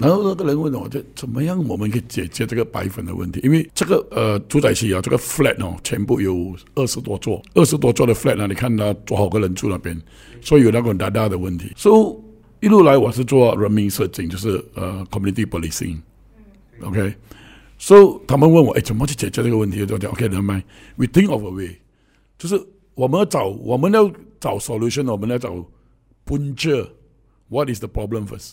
然後那個人問我就，怎麼樣我們可以解決這個白粉的問題？因為這個，呃，屠宰區啊，這個 flat 哦，啊，全部有二十多座，二十多座的 flat 啊，你看下，多少個人住那邊，嗯，所以有那個很大 d 的問題。So 一路來我是做人民社警，就是，呃，community policing，嗯。OK。So 他們問我，誒，怎麼去解決這個問題？我就講，OK，同埋，we think of a way，就是我們要找，我們要找 solution，我們要找 puncher，what is the problem first？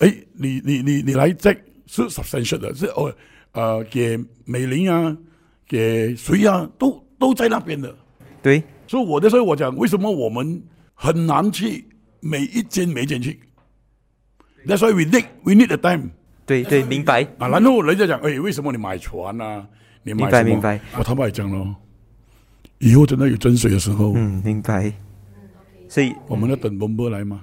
誒，你你你你來這，是 substantial 的，即哦，呃，給美林啊，給水啊，都都在那邊的。對。所以我嘅時候，所以我講，為什麼我們很難去每一間每一間去？那所以 we need we need the time 對。對對，明白。啊，然後人家講，誒，為什麼你買船啊？你買什麼？我、哦、坦白講咯，以後真的有漲水的時候。嗯，明白。所以，我們要等 Bomba 來嗎？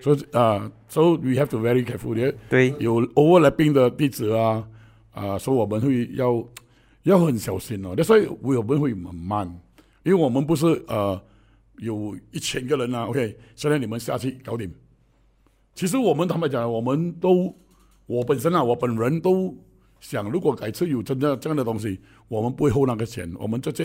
所以啊，so we have to very careful 啲，yeah？有 overlapping 的地址啊，啊，所以我們會要要很小心哦。那所以我們會很慢，因為我們不是呃，uh, 有一千個人啦，啊。OK，現，so，在你們下去搞定。其實我們坦白講，我們都我本身啊，我本人都想，如果改次有真的這樣的東西，我們不會扣那個錢，我們在這。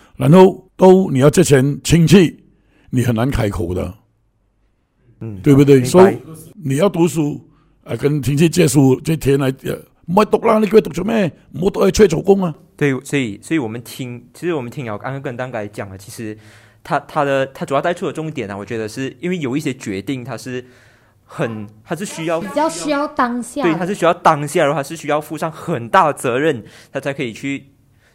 然後都你要借錢親戚，你很難開口的，嗯，對不對？所、okay, 以、so, 你要讀書，哎、啊，跟親戚借書借錢來，唔愛、啊、讀啦，你叫佢讀做咩？唔讀要吹手工啊？對，所以，所以我們聽，其實我們聽姚安哥剛剛，剛，剛，剛來講了，其實他他的他主要帶出的重點呢、啊，我覺得是因為有一些決定，他是很，他是需要比較需要當下，對，他是需要當下，然後他是需要負上很大的責任，他才可以去。